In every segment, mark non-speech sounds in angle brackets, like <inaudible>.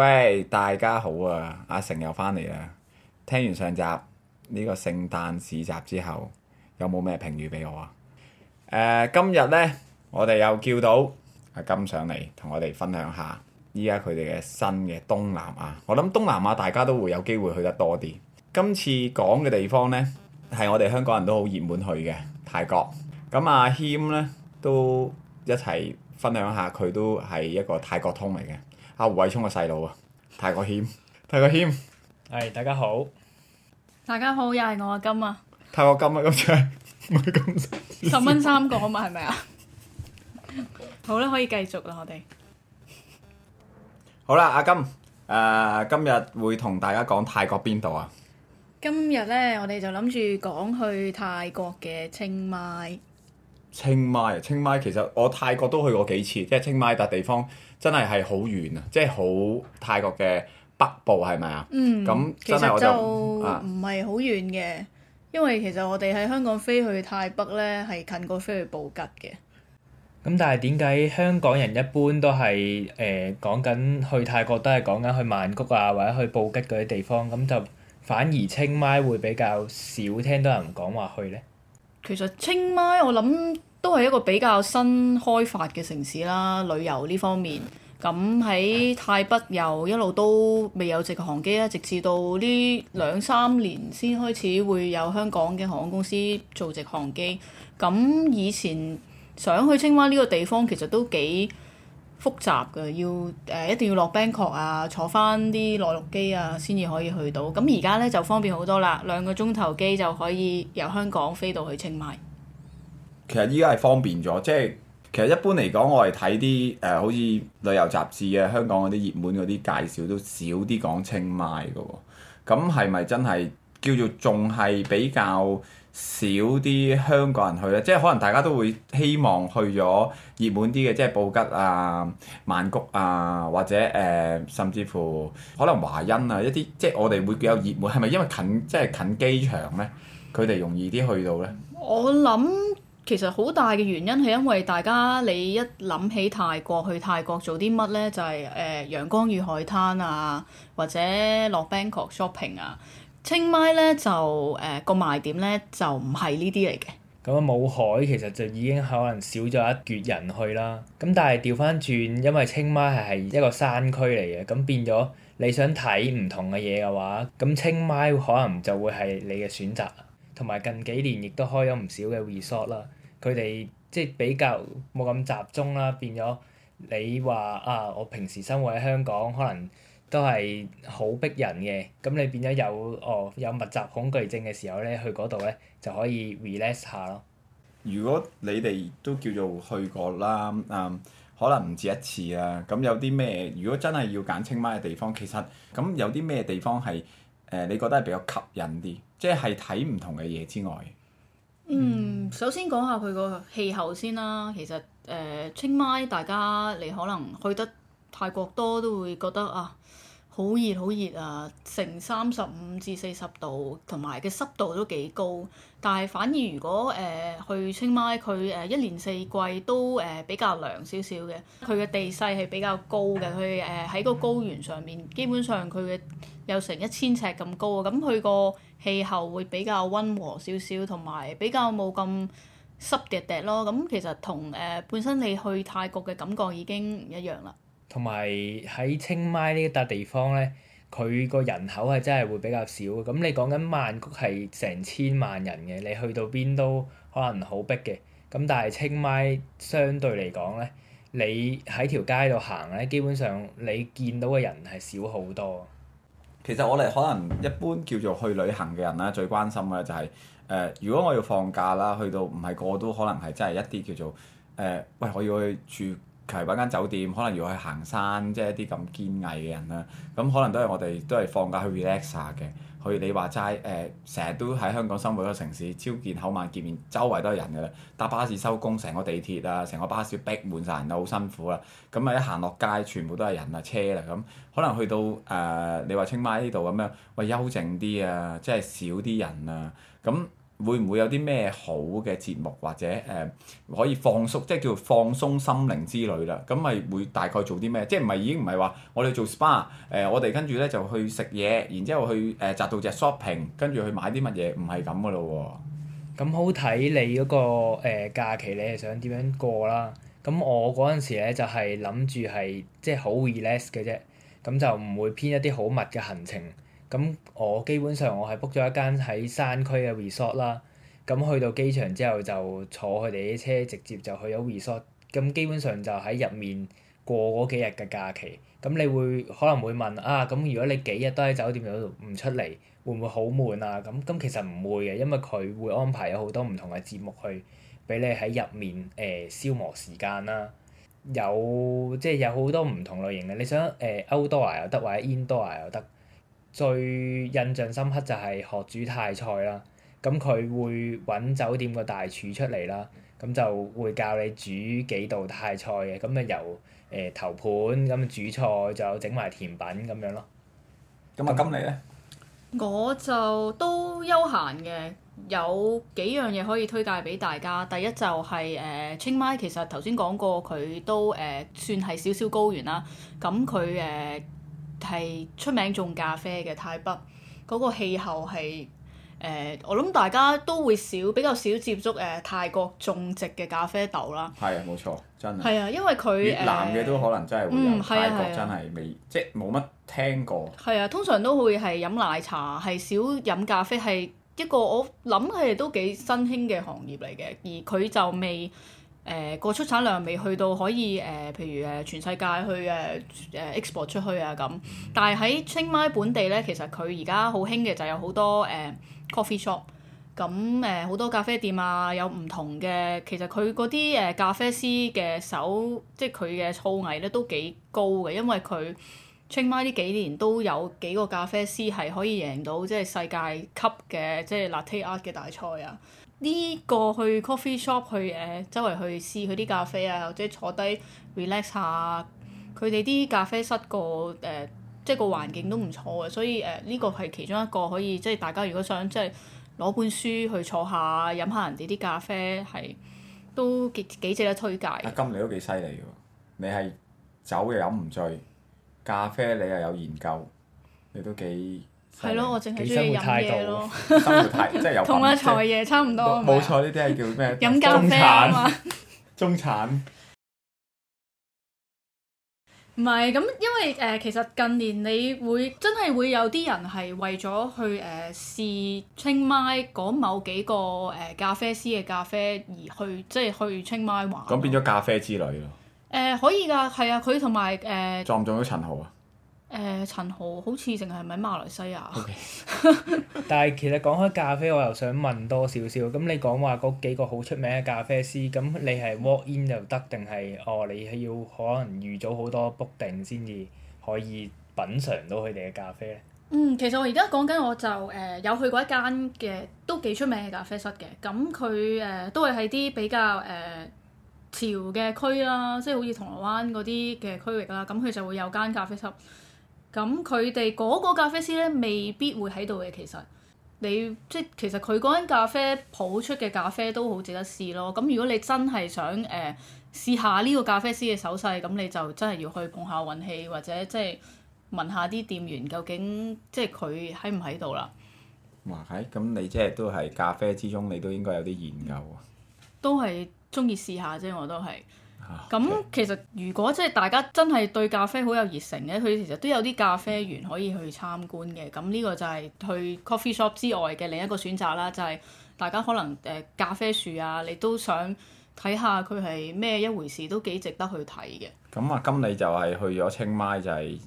喂，大家好啊！阿成又翻嚟啦。聽完上集呢，這個聖誕市集之後，有冇咩評語俾我啊？誒、呃，今日呢，我哋又叫到阿柑上嚟，同我哋分享下依家佢哋嘅新嘅東南亞。我諗東南亞大家都會有機會去得多啲。今次講嘅地方呢，係我哋香港人都好熱門去嘅泰國。咁阿謙呢，都一齊分享下，佢都係一個泰國通嚟嘅。阿胡偉聰個細路啊，泰國謙，泰國謙，係大家好，大家好，又係我阿金啊，泰國金啊，咁唱，唔係咁唱，十蚊三個啊嘛，係咪啊？好啦，可以繼續啦，我哋好啦，阿金，誒，今日會同大家講泰國邊度啊？今日咧，我哋就諗住講去泰國嘅清邁，清邁，清邁，其實我泰國都去過幾次，即係清邁笪地方。真係係好遠是是啊，即係好泰國嘅北部係咪啊？嗯，咁其實就唔係好遠嘅，啊、因為其實我哋喺香港飛去泰北呢，係近過飛去布吉嘅。咁、嗯、但係點解香港人一般都係誒、呃、講緊去泰國都係講緊去曼谷啊或者去布吉嗰啲地方，咁、嗯、就反而清邁會比較少聽到人講話去呢？其實清邁我諗。都係一個比較新開發嘅城市啦，旅遊呢方面咁喺泰北又一路都未有直航機啦，直至到呢兩三年先開始會有香港嘅航空公司做直航機。咁以前想去清邁呢個地方，其實都幾複雜嘅，要誒、呃、一定要落 Bangkok 啊，坐翻啲內陸機啊，先至可以去到。咁而家呢就方便好多啦，兩個鐘頭機就可以由香港飛到去清邁。其實依家係方便咗，即係其實一般嚟講，我係睇啲誒，好似旅遊雜誌嘅香港嗰啲熱門嗰啲介紹都少啲講清邁嘅喎。咁係咪真係叫做仲係比較少啲香港人去咧？即係可能大家都會希望去咗熱門啲嘅，即係布吉啊、曼谷啊，或者誒、呃，甚至乎可能華欣啊一啲，即係我哋會比較熱門。係咪因為近即係近機場咧？佢哋容易啲去到咧？我諗。其實好大嘅原因係因為，大家你一諗起泰國，去泰國做啲乜咧？就係、是、誒、呃、陽光與海灘啊，或者落 Bangkok shopping 啊。清邁咧就誒個、呃、賣點咧就唔係呢啲嚟嘅。咁冇海其實就已經可能少咗一撅人去啦。咁但係調翻轉，因為清邁係係一個山區嚟嘅，咁變咗你想睇唔同嘅嘢嘅話，咁清邁可能就會係你嘅選擇。同埋近幾年亦都開咗唔少嘅 resort 啦。佢哋即係比較冇咁集中啦，變咗你話啊，我平時生活喺香港，可能都係好逼人嘅，咁你變咗有哦有密集恐懼症嘅時候咧，去嗰度咧就可以 relax 下咯。如果你哋都叫做去過啦，嗯，可能唔止一次啊。咁有啲咩？如果真係要揀清邁嘅地方，其實咁有啲咩地方係誒、呃、你覺得係比較吸引啲，即係睇唔同嘅嘢之外。嗯，首先講下佢個氣候先啦。其實，誒，清邁大家你可能去得泰國多都會覺得啊。好熱好熱啊！成三十五至四十度，同埋嘅濕度都幾高。但係反而如果誒、呃、去清邁，佢誒一年四季都誒、呃、比較涼少少嘅。佢嘅地勢係比較高嘅，佢誒喺個高原上面，基本上佢嘅有成一千尺咁高啊。咁佢個氣候會比較溫和少少，同埋比較冇咁濕疊疊咯。咁、呃、其實同誒、呃、本身你去泰國嘅感覺已經唔一樣啦。同埋喺清邁呢一笪地方咧，佢個人口係真係會比較少嘅。咁你講緊曼谷係成千萬人嘅，你去到邊都可能好逼嘅。咁但係清邁相對嚟講咧，你喺條街度行咧，基本上你見到嘅人係少好多。其實我哋可能一般叫做去旅行嘅人咧，最關心嘅就係、是、誒、呃，如果我要放假啦，去到唔係個個都可能係真係一啲叫做誒、呃，喂，我要去住。係揾間酒店，可能要去行山，即係一啲咁堅毅嘅人啦。咁可能都係我哋都係放假去 relax 下嘅。去，去你話齋誒，成日都喺香港生活一個城市，朝見口晚見面，周圍都係人㗎啦。搭巴士收工，成個地鐵啊，成個巴士逼滿晒人都好辛苦啦。咁啊，一行落街，全部都係人啊，車啦咁。可能去到誒、呃，你話清邁呢度咁樣，喂，幽靜啲啊，即係少啲人啊。咁。會唔會有啲咩好嘅節目或者誒、呃、可以放鬆，即係叫做放鬆心靈之旅啦？咁咪會大概做啲咩？即係唔係已經唔係話我哋做 SPA，誒、呃、我哋跟住咧就去食嘢，然之後去誒、呃、集到只 shopping，跟住去買啲乜嘢？唔係咁噶咯喎。咁好睇你嗰、那個誒、呃、假期，你係想點樣過啦？咁我嗰陣時咧就係諗住係即係好 relax 嘅啫，咁就唔會編一啲好密嘅行程。咁我基本上我係 book 咗一間喺山區嘅 resort 啦，咁去到機場之後就坐佢哋啲車直接就去咗 resort，咁基本上就喺入面過嗰幾日嘅假期。咁你會可能會問啊，咁如果你幾日都喺酒店度唔出嚟，會唔會好悶啊？咁咁其實唔會嘅，因為佢會安排有好多唔同嘅節目去俾你喺入面誒、呃、消磨時間啦，有即係、就是、有好多唔同類型嘅，你想誒 outdoor 又得，或者 indoor 又得。最印象深刻就係學煮泰菜啦，咁佢會揾酒店個大廚出嚟啦，咁就會教你煮幾道泰菜嘅，咁啊由誒、呃、頭盤，咁主菜，就整埋甜品咁樣咯。咁啊，咁你呢？我就都休閒嘅，有幾樣嘢可以推介俾大家。第一就係、是、誒、呃、清邁，其實頭先講過，佢都誒、呃、算係少少高原啦，咁佢誒。係出名種咖啡嘅泰北，嗰個氣候係誒、呃，我諗大家都會少比較少接觸誒、呃、泰國種植嘅咖啡豆啦。係啊，冇錯，真係。係啊，因為佢越南嘅都可能真係會有、嗯、泰國真，真係未即係冇乜聽過。係啊，通常都會係飲奶茶，係少飲咖啡，係一個我諗係都幾新興嘅行業嚟嘅，而佢就未。誒個、呃、出產量未去到可以誒、呃，譬如誒全世界去誒誒、呃呃、export 出去啊咁。但係喺清邁本地咧，其實佢而家好興嘅就有好多誒 coffee shop，咁誒好多咖啡店啊，有唔同嘅。其實佢嗰啲誒咖啡師嘅手，即係佢嘅操藝咧都幾高嘅，因為佢清邁呢幾年都有幾個咖啡師係可以贏到即係世界級嘅即係 latte art 嘅大賽啊。呢個去 coffee shop 去誒周圍去試佢啲咖啡啊，或者坐低 relax 下，佢哋啲咖啡室個誒、呃、即係個環境都唔錯嘅，所以誒呢、呃這個係其中一個可以即係大家如果想即係攞本書去坐下飲下人哋啲咖啡係都幾幾值得推介。啊，柑，你都幾犀利喎！你係酒又飲唔醉，咖啡你又有研究，你都幾～係咯，我淨係中意飲嘢咯。 <laughs> 即係有同阿財爺差唔多。冇錯，呢啲係叫咩？ <laughs> 飲咖啡。中產。 <laughs> 中產。唔係咁，因為誒、呃，其實近年你會真係會有啲人係為咗去誒、呃、試清邁嗰某幾個誒咖啡師嘅咖啡而去，即係去清邁玩。咁變咗咖啡之旅咯。誒、呃，可以㗎，係啊，佢同埋誒。呃、撞唔撞到陳豪啊？誒、呃、陳豪好似淨係咪馬來西亞？Okay. <laughs> 但係其實講開咖啡，我又想問多少少。咁你講話嗰幾個好出名嘅咖啡師，咁你係 walk in 就得，定係哦？你係要可能預早好多 book 定先至可以品嚐到佢哋嘅咖啡咧？嗯，其實我而家講緊我就誒、呃、有去過一間嘅都幾出名嘅咖啡室嘅。咁佢誒都係喺啲比較誒、呃、潮嘅區啦，即係好似銅鑼灣嗰啲嘅區域啦。咁、嗯、佢就會有間咖啡室。咁佢哋嗰個咖啡師咧未必會喺度嘅，其實你即係其實佢嗰間咖啡鋪出嘅咖啡都好值得試咯。咁如果你真係想誒、呃、試下呢個咖啡師嘅手勢，咁你就真係要去碰下運氣，或者即係問下啲店員究竟即係佢喺唔喺度啦。哇！係咁你即係都係咖啡之中，你都應該有啲研究啊、嗯。都係中意試下啫，我都係。咁、啊、其實如果即係大家真係對咖啡好有熱誠嘅，佢其實都有啲咖啡園可以去參觀嘅。咁呢個就係去 coffee shop 之外嘅另一個選擇啦。就係、是、大家可能誒咖啡樹啊，你都想睇下佢係咩一回事，都幾值得去睇嘅。咁啊、嗯，今你就係去咗清邁就係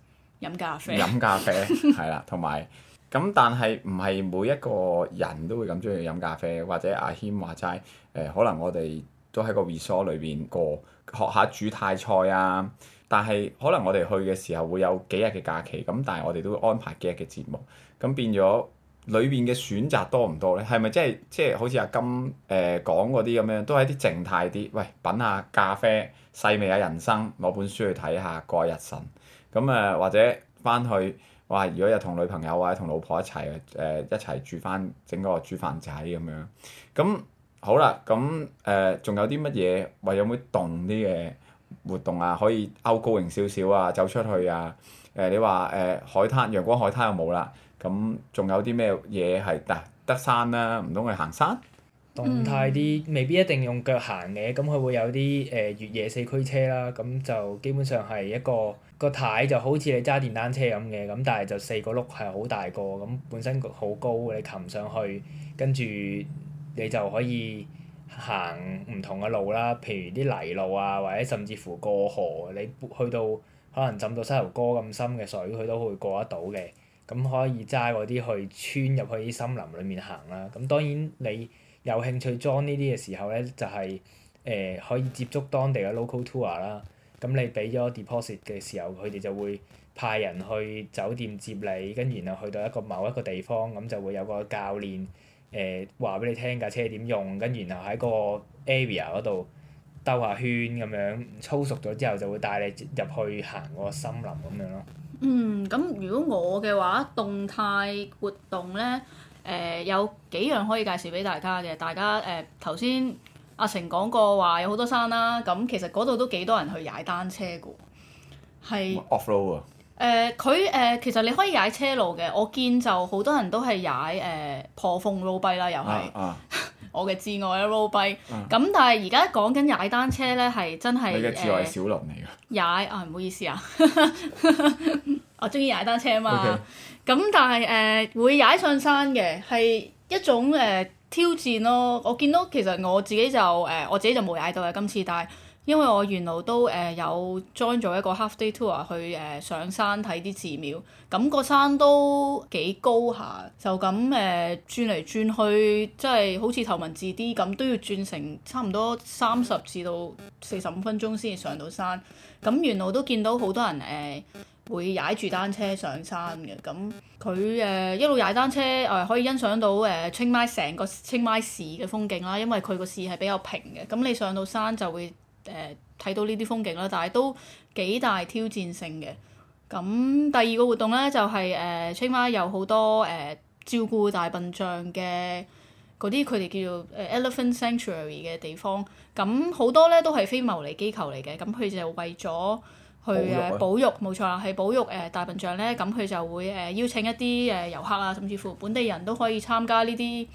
飲咖啡，飲咖啡係啦，同埋咁但係唔係每一個人都會咁中意飲咖啡，或者阿謙話齋誒、呃，可能我哋都喺個 resort 裏邊過。學下煮泰菜啊！但係可能我哋去嘅時候會有幾日嘅假期，咁但係我哋都會安排幾日嘅節目，咁變咗裏邊嘅選擇多唔多呢？係咪即係即係好似阿柑誒、呃、講嗰啲咁樣，都係啲靜態啲，喂，品下咖啡，細味下人生，攞本書去睇下，過日晨，咁啊、呃，或者翻去話、呃，如果有同女朋友或者同老婆一齊誒、呃、一齊煮翻，整個煮飯仔咁樣，咁。好啦，咁誒仲有啲乜嘢，或者有冇動啲嘅活動啊？可以勾高型少少啊，走出去啊！誒，你話誒海灘，陽光海灘又冇啦。咁仲有啲咩嘢係？嗱，得山啦，唔通去行山？動態啲，未必一定用腳行嘅。咁佢會有啲誒越野四驅車啦。咁就基本上係一個個軚就好似你揸電單車咁嘅。咁但係就四個轆係好大個，咁本身好高，你擒上去，跟住。你就可以行唔同嘅路啦，譬如啲泥路啊，或者甚至乎過河，你去到可能浸到膝頭哥咁深嘅水，佢都會過得到嘅。咁可以揸嗰啲去穿入去啲森林裏面行啦。咁當然你有興趣裝呢啲嘅時候咧，就係、是、誒、呃、可以接觸當地嘅 local tour 啦。咁你俾咗 deposit 嘅時候，佢哋就會派人去酒店接你，跟住然後去到一個某一個地方，咁就會有個教練。誒話俾你聽架車點用，跟然後喺個 area 嗰度兜下圈咁樣，操熟咗之後就會帶你入去行嗰個森林咁樣咯。嗯，咁如果我嘅話，動態活動呢，誒、呃、有幾樣可以介紹俾大家嘅。大家，誒頭先阿成講過話有好多山啦，咁、嗯、其實嗰度都幾多人去踩單車噶，係，Off-road。誒佢誒其實你可以踩車路嘅，我見就好多人都係踩誒破風路閉啦，又係、啊啊、 <laughs> 我嘅至愛啦，路閉。咁、啊、但係而家講緊踩單車咧，係真係你嘅至愛小輪嚟㗎。踩啊，唔好意思啊， <laughs> 我中意踩單車啊嘛。咁 Okay. 但係誒、呃、會踩上山嘅係一種誒、呃、挑戰咯。我見到其實我自己就誒、呃、我自己就冇踩到啊，今次但係。因為我原來都誒有 join 咗一個 half day tour 去誒上山睇啲寺廟，咁、那個山都幾高下，就咁誒轉嚟轉去，即係好似頭文字 D 咁，都要轉成差唔多三十至到四十五分鐘先至上到山。咁原來都見到好多人誒、呃、會踩住單車上山嘅，咁佢誒一路踩單車誒、呃、可以欣賞到誒清邁成個清邁市嘅風景啦，因為佢個市係比較平嘅，咁你上到山就會。誒睇、呃、到呢啲風景啦，但係都幾大挑戰性嘅。咁第二個活動咧就係、是、誒，呃、清邁有好多誒、呃、照顧大笨象嘅嗰啲，佢哋叫做誒 Elephant Sanctuary 嘅地方。咁好多咧都係非牟利機構嚟嘅。咁佢就為咗去誒保，慮保育，冇錯啦，係保育誒、呃、大笨象咧。咁佢就會誒、呃、邀請一啲誒、呃、遊客啊，甚至乎本地人都可以參加呢啲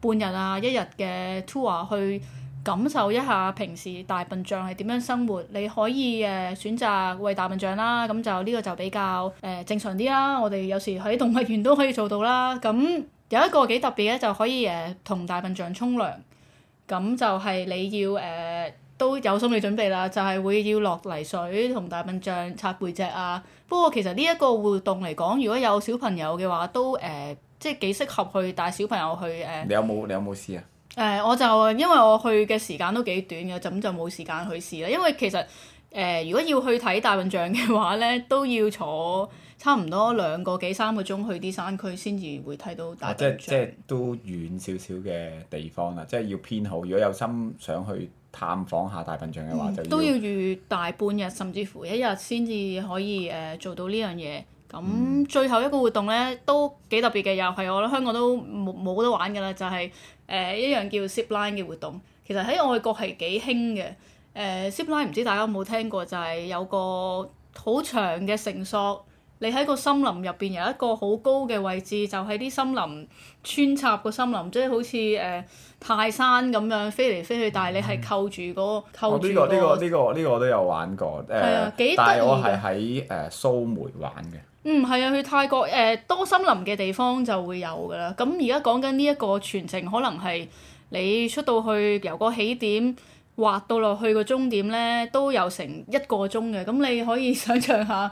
半日啊、一日嘅 tour 去。嗯感受一下平時大笨象係點樣生活，你可以誒選擇餵大笨象啦，咁就呢個就比較誒正常啲啦。我哋有時喺動物園都可以做到啦。咁有一個幾特別咧，就可以誒同大笨象沖涼。咁就係你要誒、呃、都有心理準備啦，就係、是、會要落泥水同大笨象擦背脊啊。不過其實呢一個活動嚟講，如果有小朋友嘅話，都誒、呃、即係幾適合去帶小朋友去誒、呃。你有冇你有冇試啊？誒、呃，我就因為我去嘅時間都幾短嘅，就咁就冇時間去試啦。因為其實誒、呃，如果要去睇大笨象嘅話咧，都要坐差唔多兩個幾三個鐘去啲山區先至會睇到大笨象。啊、即係即係都遠少少嘅地方啦，即係要編好。如果有心想去探訪下大笨象嘅話，嗯、就要都要預大半日甚至乎一日先至可以誒、呃、做到呢樣嘢。咁、嗯、最後一個活動咧都幾特別嘅，又係我覺得香港都冇冇得玩㗎啦，就係、是。誒、呃、一樣叫 zip line 嘅活動，其實喺外國係幾興嘅。誒、呃、zip line 唔知大家有冇聽過，就係、是、有個好長嘅繩索。你喺個森林入邊有一個好高嘅位置，就係、是、啲森林穿插個森林，即係好似誒、呃、泰山咁樣飛嚟飛去，但係你係扣住個扣住個。呢、那個呢、哦呢個呢、呢個呢、呢個、都有玩過，啊，但係我係喺誒蘇梅玩嘅。嗯，係啊，去泰國誒、呃、多森林嘅地方就會有㗎啦。咁而家講緊呢一個全程可能係你出到去由個起點滑到落去個終點咧，都有成一個鐘嘅。咁你可以想象下。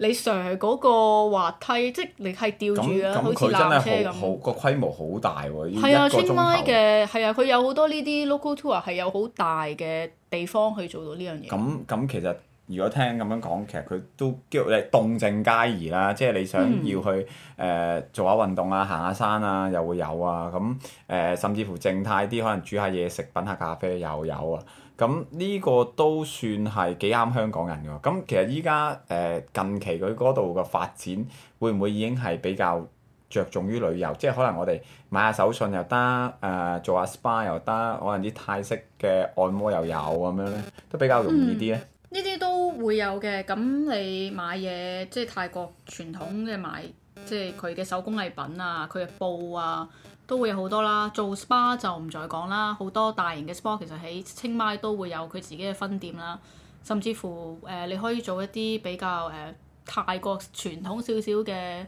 你上嗰個滑梯，即係你係吊住啊，好似纜車咁。佢真係好，好，好個規模好大喎。係啊，清邁嘅，係啊，佢有好多呢啲 local tour 係有好大嘅地方去做到呢樣嘢。咁咁其實，如果聽咁樣講，其實佢都叫你動靜皆宜啦。即係你想要去誒、嗯呃、做下運動啊，行下山啊，又會有啊。咁誒、呃，甚至乎靜態啲，可能煮下嘢食、品下咖啡，又有啊。咁呢個都算係幾啱香港人㗎。咁其實依家誒近期佢嗰度嘅發展會唔會已經係比較着重於旅遊？即係可能我哋買下手信又得，誒、呃、做下 SPA 又得，可能啲泰式嘅按摩又有咁樣咧，都比較容易啲咧。呢啲、嗯、都會有嘅。咁你買嘢即係泰國傳統嘅買，即係佢嘅手工藝品啊，佢嘅布啊。都會有好多啦，做 SPA 就唔再講啦。好多大型嘅 SPA 其實喺清邁都會有佢自己嘅分店啦，甚至乎誒、呃、你可以做一啲比較誒、呃、泰國傳統少少嘅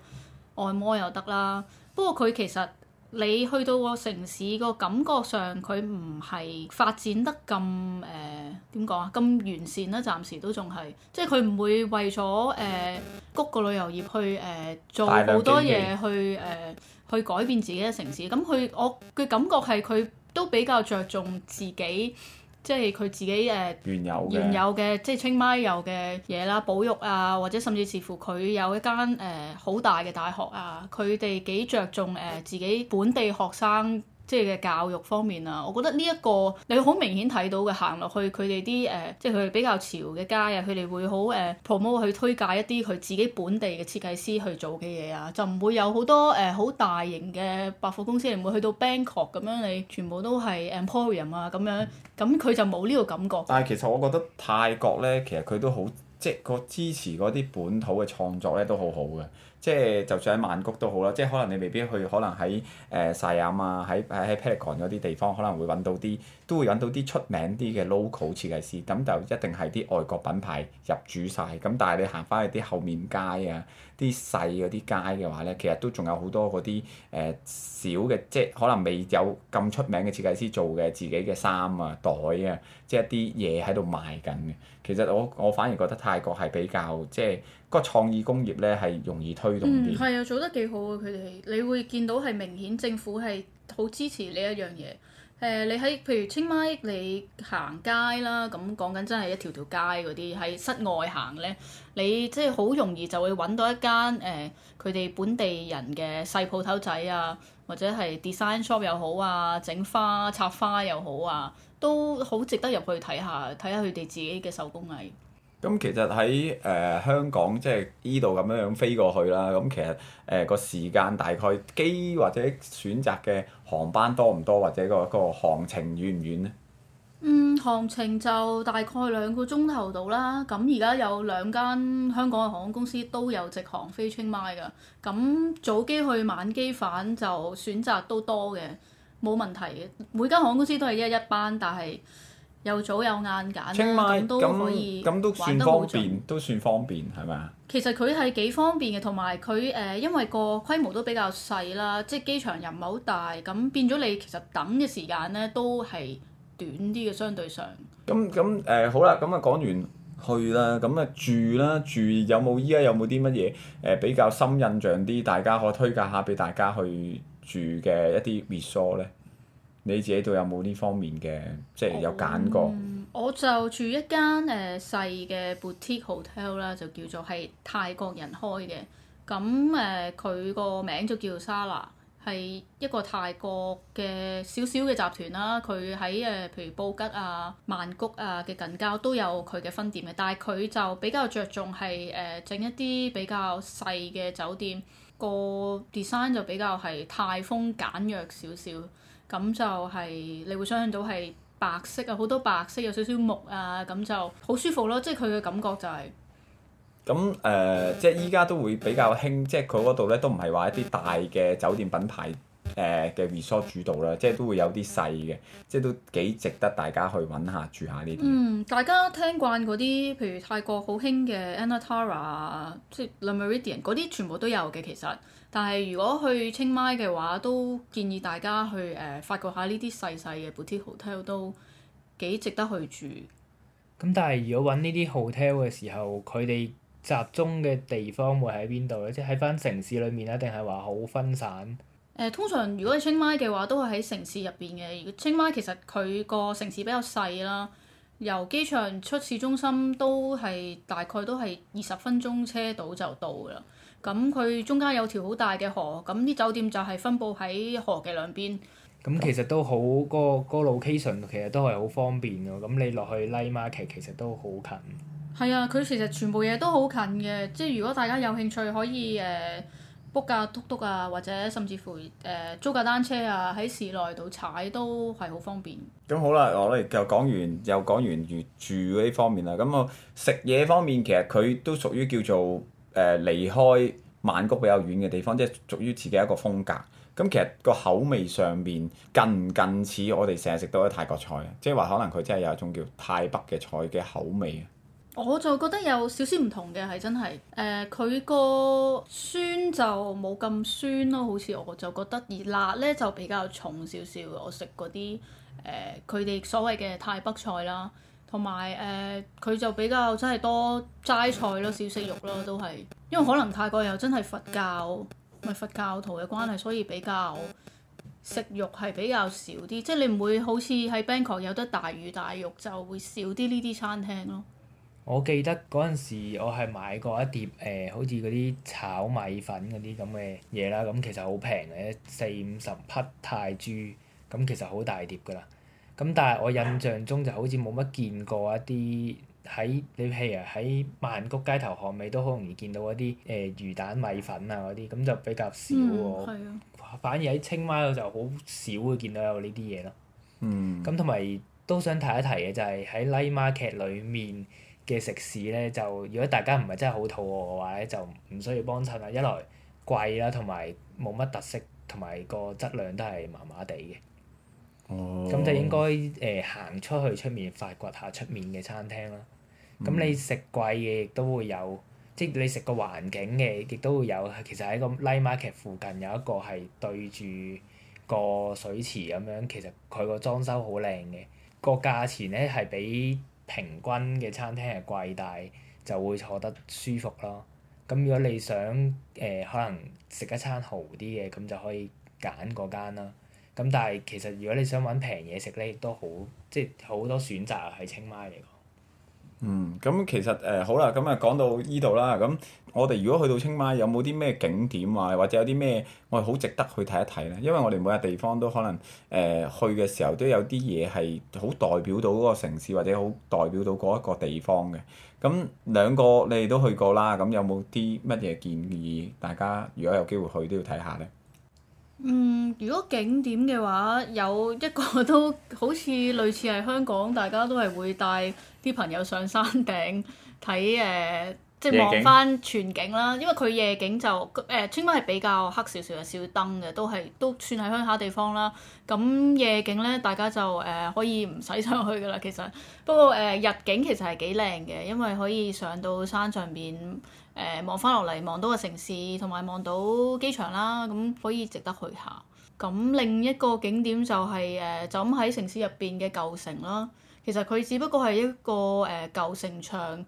按摩又得啦。不過佢其實你去到個城市個感覺上，佢唔係發展得咁誒點講啊，咁、呃、完善啦。暫時都仲係，即係佢唔會為咗誒、呃、谷個旅遊業去誒、呃、做好多嘢去誒。呃去改變自己嘅城市，咁佢我嘅感覺係佢都比較着重自己，即係佢自己誒、呃、原有嘅、有即係清邁有嘅嘢啦、保育啊，或者甚至乎佢有一間誒好大嘅大學啊，佢哋幾着重誒、呃、自己本地學生。即係教育方面啊，我覺得呢、這、一個你好明顯睇到嘅行落去佢哋啲誒，即係佢哋比較潮嘅街啊，佢哋會好誒 promote 去推介一啲佢自己本地嘅設計師去做嘅嘢啊，就唔會有好多誒好、呃、大型嘅百貨公司，你唔會去到 Bangkok 咁樣你，你全部都係 emporium 啊咁樣，咁佢就冇呢個感覺。嗯、但係其實我覺得泰國咧，其實佢都好即係個支持嗰啲本土嘅創作咧，都好好嘅。即係就算喺曼谷都好啦，即係可能你未必去，可能喺誒 Siam 啊，喺喺喺 Paragon 嗰啲地方可能會揾到啲，都會揾到啲出名啲嘅 local 設計師，咁就一定係啲外國品牌入主晒。咁但係你行返去啲後面街啊，啲細嗰啲街嘅話呢，其實都仲有好多嗰啲誒小嘅，即係可能未有咁出名嘅設計師做嘅自己嘅衫啊、袋啊，即係一啲嘢喺度賣緊嘅。其實我我反而覺得泰國係比較即係。個創意工業呢係容易推動啲，嗯，係啊，做得幾好啊！佢哋，你會見到係明顯政府係好支持呢一樣嘢。誒、呃，你喺譬如清邁你行街啦，咁講緊真係一條條街嗰啲喺室外行呢，你即係好容易就會揾到一間誒佢哋本地人嘅細鋪頭仔啊，或者係 design shop 又好啊，整花插花又好啊，都好值得入去睇下，睇下佢哋自己嘅手工藝。咁其實喺誒、呃、香港即係呢度咁樣樣飛過去啦，咁、嗯、其實誒個、呃、時間大概機或者選擇嘅航班多唔多，或者、個個行程遠唔遠咧？嗯，行程就大概兩個鐘頭到啦。咁而家有兩間香港嘅航空公司都有直航飛清邁噶。咁早機去晚機返就選擇都多嘅，冇問題嘅。每間航空公司都係一日一班，但係，又早又晏揀啦，清晚都可以，咁都算方便，都算方便，係咪啊？其實佢係幾方便嘅，同埋佢誒，因為個規模都比較細啦，即係機場又唔係好大，咁變咗你其實等嘅時間咧都係短啲嘅相對上。咁咁誒好啦，咁啊講完去啦，咁啊住啦，住有冇，依家有冇啲乜嘢誒比較深印象啲？大家可以推介下俾大家去住嘅一啲 resort 咧？你自己度有冇呢方面嘅，即係有揀過、嗯？我就住一間誒細、呃、嘅 boutique hotel 啦，就叫做係泰國人開嘅。咁誒佢個名就叫 s a 沙 a 係一個泰國嘅小小嘅集團啦。佢喺誒譬如布吉啊、曼谷啊嘅近郊都有佢嘅分店嘅，但係佢就比較着重係誒整一啲比較細嘅酒店，這個 design 就比較係泰風簡約少少。咁就係、是、你會想象到係白色啊，好多白色有少少木啊，咁就好舒服咯，即係佢嘅感覺就係、是。咁誒、呃，即係依家都會比較興，即係佢嗰度咧都唔係話一啲大嘅酒店品牌。誒嘅 resort 主導啦，即係都會有啲細嘅，即係都幾值得大家去揾下住下呢啲。嗯，大家聽慣嗰啲，譬如泰國好興嘅 Anatara，即係 The Meridian，嗰啲全部都有嘅其實。但係如果去清邁嘅話，都建議大家去誒、呃、發掘下呢啲細細嘅 boutique hotel，都幾值得去住。咁、嗯、但係如果揾呢啲 hotel 嘅時候，佢哋集中嘅地方會喺邊度咧？即係喺翻城市裡面啊，定係話好分散？誒通常如果係清邁嘅話，都係喺城市入邊嘅。清邁其實佢個城市比較細啦，由機場出市中心都係大概都係二十分鐘車到就到啦。咁佢中間有條好大嘅河，咁啲酒店就係分佈喺河嘅兩邊。咁其實都好、個個 location，那個、其實都係好方便嘅。咁你落去 Night Market 其實都好近。係啊，佢其實全部嘢都好近嘅。即係如果大家有興趣可以誒。呃卜架篤篤啊，或者甚至乎誒、呃、租架單車啊，喺市內度踩都係好方便。咁好啦，我哋就講完又講完住呢方面啦。咁我食嘢方面，其實佢都屬於叫做誒離、呃、開曼谷比較遠嘅地方，即係屬於自己一個風格。咁其實個口味上面，近唔近似我哋成日食到嘅泰國菜啊？即係話可能佢真係有一種叫泰北嘅菜嘅口味啊！我就覺得有少少唔同嘅，係真係誒，佢、呃、個酸就冇咁酸咯。好似我就覺得熱辣呢就比較重少少。我食嗰啲誒，佢、呃、哋所謂嘅泰北菜啦，同埋誒佢就比較真係多齋菜咯，少食肉咯，都係因為可能泰國又真係佛教咪佛教徒嘅關係，所以比較食肉係比較少啲。即係你唔會好似喺 Bangkok 有得大魚大肉，就會少啲呢啲餐廳咯。我記得嗰陣時，我係買過一碟誒、呃，好似嗰啲炒米粉嗰啲咁嘅嘢啦。咁其實好平嘅，四五十匹泰銖，咁其實好大碟㗎啦。咁但係我印象中就好似冇乜見過一啲喺你譬如喺曼谷街頭巷尾都好容易見到嗰啲誒魚蛋米粉啊嗰啲，咁就比較少喎。嗯、反而喺清邁嗰度就好少會見到有呢啲嘢咯。嗯。咁同埋都想提一提嘅就係喺 Light Market 裏面。嘅食肆咧，就如果大家唔係真係好肚餓嘅話咧，就唔需要幫襯啦。一來貴啦，同埋冇乜特色，同埋個質量都係麻麻地嘅。哦。咁就應該誒行、呃、出去出面發掘下出面嘅餐廳啦。咁、嗯、你食貴嘅亦都會有，即你食個環境嘅亦都會有。其實喺個 live market 附近有一個係對住個水池咁樣，其實佢個裝修好靚嘅，個價錢咧係比。平均嘅餐廳係貴，但係就會坐得舒服咯。咁如果你想誒、呃、可能食一餐豪啲嘅，咁就可以揀嗰間啦。咁但係其實如果你想揾平嘢食咧，都好即係好多選擇啊，喺清邁嚟講。嗯，咁、嗯嗯、其實誒、呃、好啦，咁、嗯、啊講到依度啦，咁、嗯、我哋如果去到清邁，有冇啲咩景點啊，或者有啲咩我哋好值得去睇一睇咧？因為我哋每一個地方都可能誒、呃、去嘅時候都有啲嘢係好代表到嗰個城市，或者好代表到嗰一個地方嘅。咁、嗯、兩個你哋都去過啦，咁、嗯、有冇啲乜嘢建議？大家如果有機會去都要睇下咧。嗯，如果景點嘅話，有一個都好似類似係香港，大家都係會帶啲朋友上山頂睇誒、呃，即係望翻全景啦。因為佢夜景就誒，應該係比較黑少少嘅，少燈嘅，都係都算係鄉下地方啦。咁夜景咧，大家就誒、呃、可以唔使上去噶啦。其實不過誒、呃，日景其實係幾靚嘅，因為可以上到山上邊。誒、呃、望翻落嚟，望到個城市同埋望到機場啦，咁可以值得去下。咁另一個景點就係、是、誒、呃，就咁喺城市入邊嘅舊城啦。其實佢只不過係一個誒、呃、舊城牆，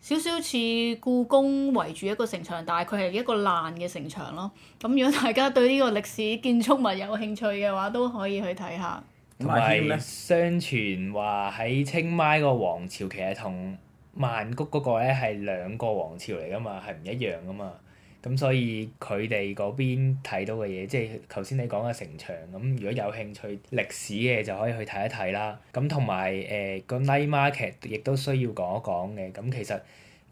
少少似故宮圍住一個城牆，但係佢係一個爛嘅城牆咯。咁如果大家對呢個歷史建築物有興趣嘅話，都可以去睇下。同埋呢，相傳話喺清邁個皇朝期係同。曼谷嗰個咧係兩個王朝嚟噶嘛，係唔一樣噶嘛。咁所以佢哋嗰邊睇到嘅嘢，即係頭先你講嘅城牆。咁。如果有興趣歷史嘅，就可以去睇一睇啦。咁同埋 night market 亦都需要講一講嘅。咁其實誒、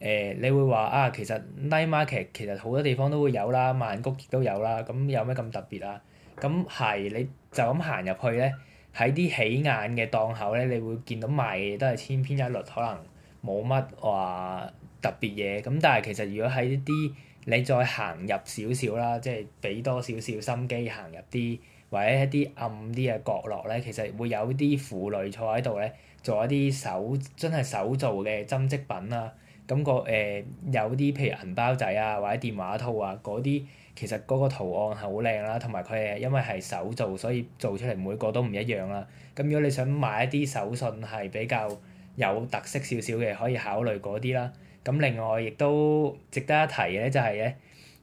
呃、你會話啊，其實 night market 其實好多地方都會有啦，曼谷亦都有啦。咁有咩咁特別啊？咁係你就咁行入去咧，喺啲起眼嘅檔口咧，你會見到賣嘅都係千篇一律，可能。冇乜話特別嘢咁，但係其實如果喺一啲你再行入少少啦，即係俾多少少心機行入啲或者一啲暗啲嘅角落咧，其實會有啲婦女坐喺度咧，做一啲手真係手做嘅針織品啦。感覺誒有啲譬如銀包仔啊，或者電話套啊嗰啲，其實嗰個圖案係好靚啦，同埋佢係因為係手做，所以做出嚟每個都唔一樣啦。咁如果你想買一啲手信係比較～有特色少少嘅可以考慮嗰啲啦。咁另外亦都值得一提嘅咧，就係咧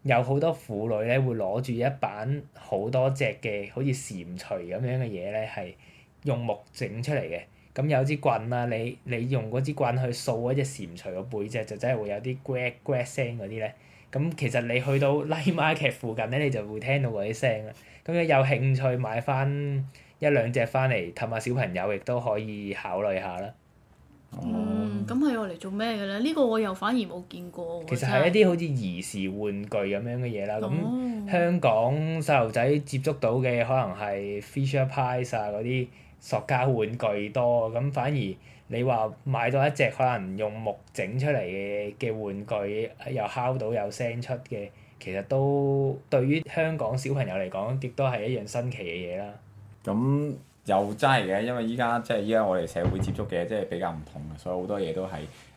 有好多婦女咧會攞住一板好多隻嘅，好似蟾蜍咁樣嘅嘢咧，係用木整出嚟嘅。咁有支棍啦，你你用嗰支棍去掃一隻蟾蜍嘅背脊，就真係會有啲嘰嘰聲嗰啲咧。咁其實你去到拉馬劇附近咧，你就會聽到嗰啲聲啦。咁樣有興趣買翻一兩隻翻嚟氹下小朋友，亦都可以考慮下啦。嗯，咁係用嚟做咩嘅咧？呢個我又反而冇見過喎。其實係一啲好似兒時玩具咁樣嘅嘢啦。咁、哦、香港細路仔接觸到嘅可能係 Fisher Price 啊嗰啲塑膠玩具多，咁反而你話買到一隻可能用木整出嚟嘅嘅玩具，又敲到又聲出嘅，其實都對於香港小朋友嚟講，亦都係一樣新奇嘅嘢啦。咁。嗯又真係嘅，因為依家即係依家我哋社會接觸嘅即係比較唔同嘅，所以好多嘢都係誒、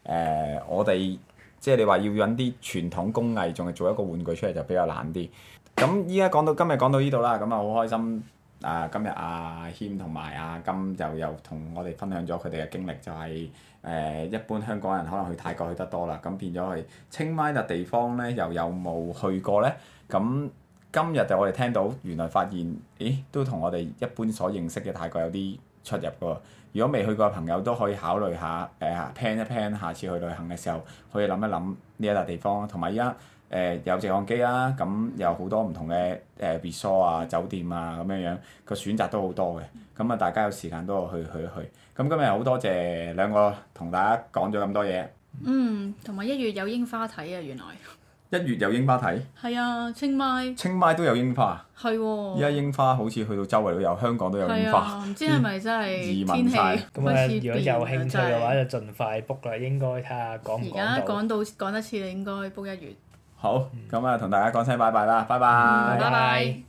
呃、我哋即係你話要引啲傳統工藝，仲係做一個玩具出嚟就比較難啲。咁依家講到今日講到呢度啦，咁啊好開心啊、呃！今日阿謙同埋阿柑又又同我哋分享咗佢哋嘅經歷，就係、是、誒、呃、一般香港人可能去泰國去得多啦，咁變咗去清邁笪地方呢，又有冇去過呢？咁今日就我哋聽到，原來發現，咦，都同我哋一般所認識嘅泰國有啲出入噶。如果未去過嘅朋友都可以考慮下，誒、呃、plan 一 plan 下，下次去旅行嘅時候，可以諗一諗呢一笪地方。同埋依家誒有直航機啦、啊，咁有好多唔同嘅誒 resort 啊、酒店啊咁樣樣，個選擇都好多嘅。咁啊，大家有時間都去去一去。咁今日好多謝兩個同大家講咗咁多嘢。嗯，同埋一月有櫻花睇啊，原來。一月有櫻花睇？係啊，清邁。清邁都有櫻花？係喎，依家櫻花好似去到周圍都有，香港都有櫻花，唔知係咪真係天氣？咁如果有興趣嘅話，就盡快 book 啦，應該睇下講唔講到，而家講到講一次，你應該 book 一月。好，咁啊，同大家講聲拜拜啦，拜拜。拜拜。